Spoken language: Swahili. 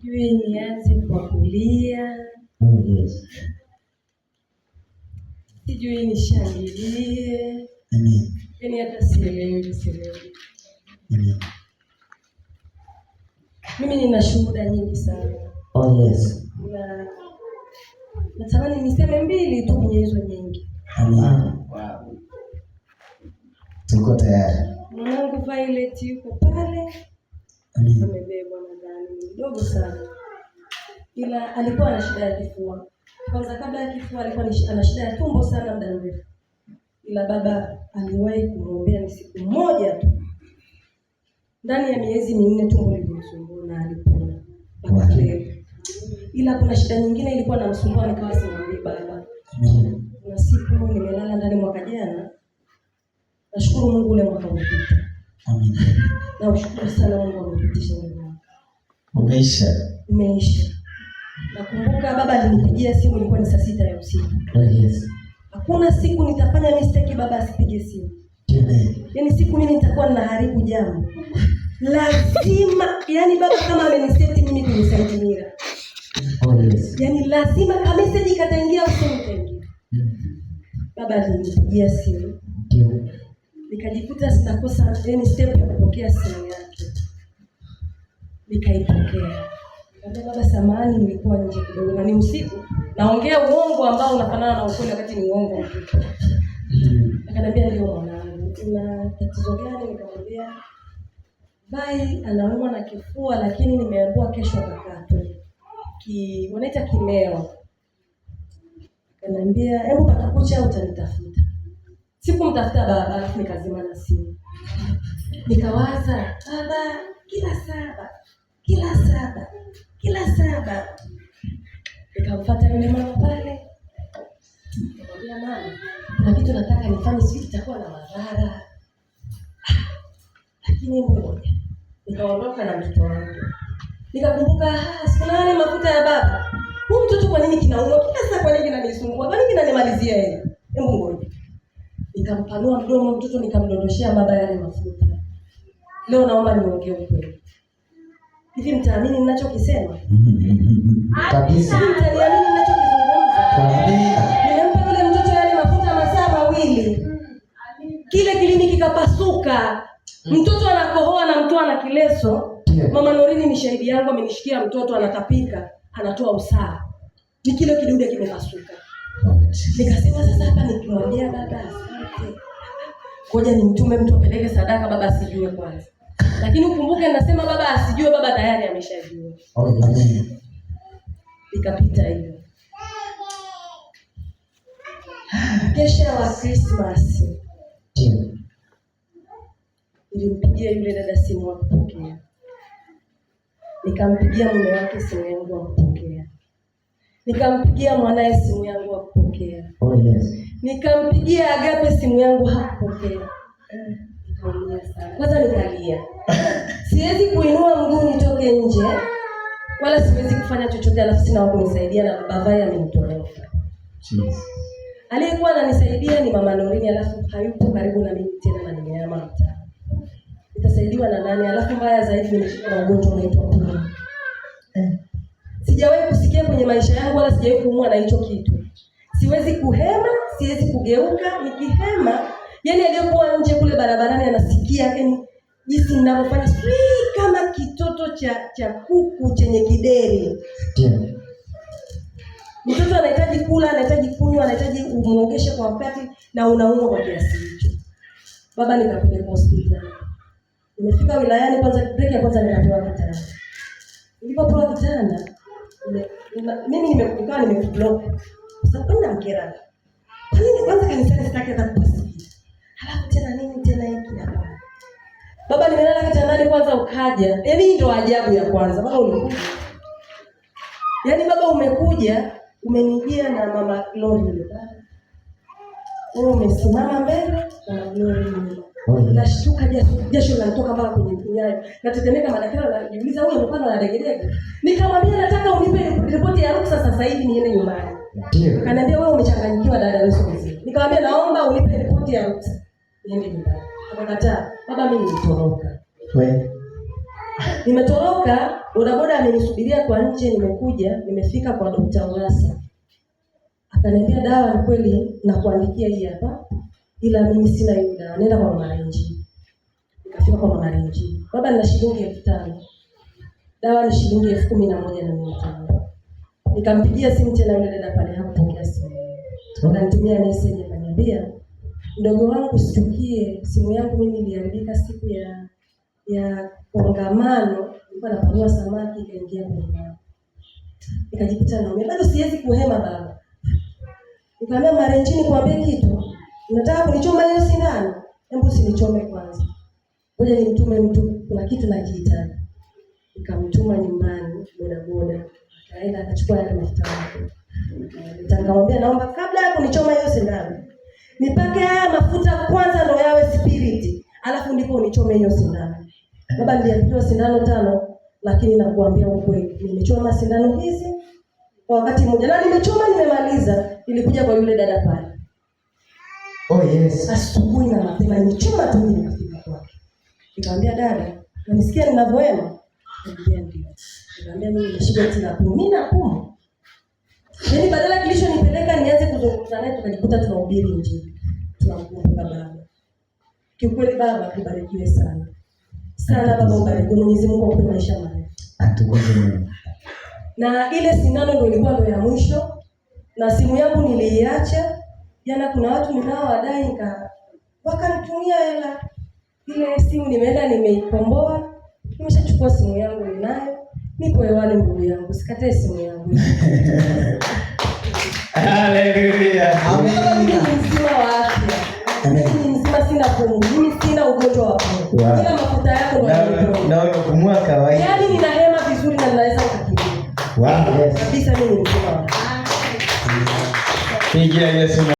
sijui nianze kwa kulia, sijui nishangilie, yaani hata sielewi sielewi. Mimi nina shuhuda nyingi sana oh, yes. na natamani niseme mbili tu kwenye hizo nyingi. Wow. Ah, Tuko tayari. Mwanangu Violet yuko pale amebebwa nadhani mdogo sana, ila alikuwa ana shida ya kifua. Kwanza kabla ya kifua alikuwa ana shida ya tumbo sana muda mrefu, ila baba aliwahi kumwombea ni siku moja tu, ndani ya miezi minne tumbo lilimsumbua na alipona Ila kuna shida nyingine ilikuwa namsumbua, nikawa simwambii baba. Kuna siku nimelala ndani mwaka jana, nashukuru Mungu ule mwaka ulipita na ushukuru sana Mungu amenipitisha mwanangu. Umeisha. Umeisha. Nakumbuka baba alinipigia simu ilikuwa ni saa sita ya usiku. Oh, yes. Hakuna siku nitafanya mistake baba asipige simu. Amen. Yaani siku mimi nitakuwa ninaharibu jambo. Lazima, yani baba kama ameniseti mimi kunisaidia. Oh, yes. Yaani lazima kabisa kataingia usiku utaingia. Mm. Baba alinipigia simu nikajikuta sinakosa yani step ya kupokea simu yake, nikaipokea. Nikamwambia baba, samahani, nilikuwa nje kidogo na ni usiku, naongea uongo ambao unafanana na ukweli, wakati ni uongo wa kike. Akaniambia ndio mwanangu, una tatizo gani? Nikamwambia bai anaumwa na kifua, lakini nimeambiwa kesho atakatwe ki wanaita kimeo. Akaniambia hebu patakucha utanitafuta Sikumtafuta baba, nikazima na simu, nikawaza baba kila saba kila saba kila saba. Nikamfuata yule mama pale, nikamwambia mama, kuna kitu nataka nifanye, sijui kitakuwa na madhara, ah, lakini moja. Nikaondoka na mtoto wangu, nikakumbuka ah, siku nane mafuta ya baba. Huyu mtoto kwa nini kinaumwa kila saa? Kwa nini kinanisumbua? Kwa nini kinanimalizia yeye? Hebu nikampanua mdomo mtoto nikamdondoshea baba yale mafuta. Leo naomba niongee ukweli. Hivi mtaamini ninachokisema? Kabisa. Mtaamini ninachokizungumza? Kabisa. Nilimpa yule mtoto yale mafuta masaa mawili. Kile kilini kikapasuka. Mtoto anakohoa na mtoa na kileso. Mama Norini ni shahidi yangu, amenishikia mtoto anatapika, anatoa usaha. Ni kile kidude kimepasuka. Oh, Nikasema sasa hapa nikimwambia baba pekee. Ngoja nimtume mtu apeleke sadaka, baba asijue kwanza. Lakini ukumbuke nasema baba asijue, baba tayari ameshajua. Ikapita hiyo kesha wa Christmas nilimpigia yule dada simu akupokea, nikampigia mume wake simu yangu akupokea, nikampigia mwanaye simu yangu akupokea. Oh, yes. Nikampigia Agape simu yangu hakupokea. Nikaumia Kwanza nikalia. Siwezi kuinua mguu nitoke nje wala siwezi kufanya chochote, alafu sina wa kunisaidia na Bavaya amenitoroka. Aliyekuwa ananisaidia ni Mama Norini, alafu hayupo karibu na mimi tena na nimeama mtaa. Nitasaidiwa na nani? Alafu mbaya zaidi nimeshika ugonjwa unaitwa pumu. Eh. Sijawahi kusikia kwenye maisha yangu wala sijawahi kuumwa na hicho kitu. Siwezi kuhema siwezi kugeuka nikihema. Yani aliyokuwa nje kule barabarani anasikia, yani jinsi ninavyofanya swi kama kitoto cha cha kuku chenye kideri yeah. Mtoto anahitaji kula, anahitaji kunywa, anahitaji umwogeshe kwa wakati, na unaumwa kwa kiasi hicho. Baba, nikapeleka hospitali, nimefika wilayani, kwanza breki ya kwanza nikapewa kitanda. Nilipopewa kitanda mimi nikawa nimeblock sababu kuna mkera nini kwanza kanisani sitaki hata kusikia. Halafu tena nini tena hiki hapa? Baba nimelala kitandani kwanza ukaja. Yaani eh, ndio ajabu ya kwanza. Baba ulikuja. Yaani baba umekuja, umenijia na mama Glory. Wewe umesimama mbele na Glory. Nashtuka jasho linatoka mpaka kwenye kinyayo. Natetemeka madaktari wanajiuliza huyu Nikamwambia nataka unipe ripoti ya ruksa sasa hivi niende nyumbani. Ndio. Akaniambia wewe umechanganyikiwa dada wewe sio mzee. Nikamwambia naomba unipe ripoti ya mtu. Niende nyumbani. Akakataa. Baba mimi nitoroka. Wewe. Nimetoroka, bodaboda amenisubiria kwa nje, nimekuja, nimefika kwa Dr. Ulasa. Akaniambia dawa ni kweli na kuandikia hii hapa. Ila mimi sina hiyo dawa. Nenda kwa mama Renji. Nikafika kwa mama Renji. Baba nina shilingi 5000. Dawa ni shilingi elfu Nikampigia simu tena yule dada pale, hakupokea simu. Akanitumia message akaniambia, mdogo wangu usichukie, simu yangu mimi niliandika siku ya ya kongamano, nilikuwa napanua samaki ikaingia kwenye maji, nikajikuta naumia. Bado siwezi kuhema baba. Nikamwambia Marenjini, kuambia kitu, unataka kunichoma hiyo sindano? Hebu sinichome kwanza, ngoja nimtume mtu, kuna kitu nakihitaji. Nikamtuma nyumbani bodaboda akaenda akachukua yale mafuta yake. Eh, nitamwambia, naomba kabla ya kunichoma hiyo sindano nipake haya mafuta kwanza, ndo yawe spirit, alafu ndipo unichome hiyo sindano. Baba, niliambiwa sindano tano, lakini nakuambia ukweli, nimechoma sindano hizi kwa wakati mmoja na nimechoma nimemaliza. Nilikuja kwa yule dada pale, oh yes, asubuhi na mapema, nimechoma tu, nikafika kwake, nikamwambia dada, nasikia ninavyoema Nikamwambia mimi nilishika tena pumu. Mimi na pumu. Yaani badala kilichonipeleka nianze kuzungumza naye tukajikuta tunahubiri injili. Tunamkumbuka baba. Kiukweli baba kubarikiwe sana. Sana baba ubariki. Mwenyezi Mungu akupe maisha marefu. Atukuze Mungu. Na ile sindano ndio ilikuwa ndio ya mwisho na simu yangu niliiacha. Jana kuna watu ninaowadai nika wakanitumia hela. Ile simu nimeenda nimeikomboa. Nimeshachukua simu yangu ninayo. Nipo hewani ndugu yangu, sikatae simu yangu. Haleluya. Mzima wa afya. Mimi mzima sina pumu. Mimi sina ugonjwa wa pumu. Kila mafuta yako ndio. Na unapumua kawaida. Yaani nina hema vizuri na ninaweza kukimbia. Wow. Kabisa mimi ni mzima wa Pigia Yesu.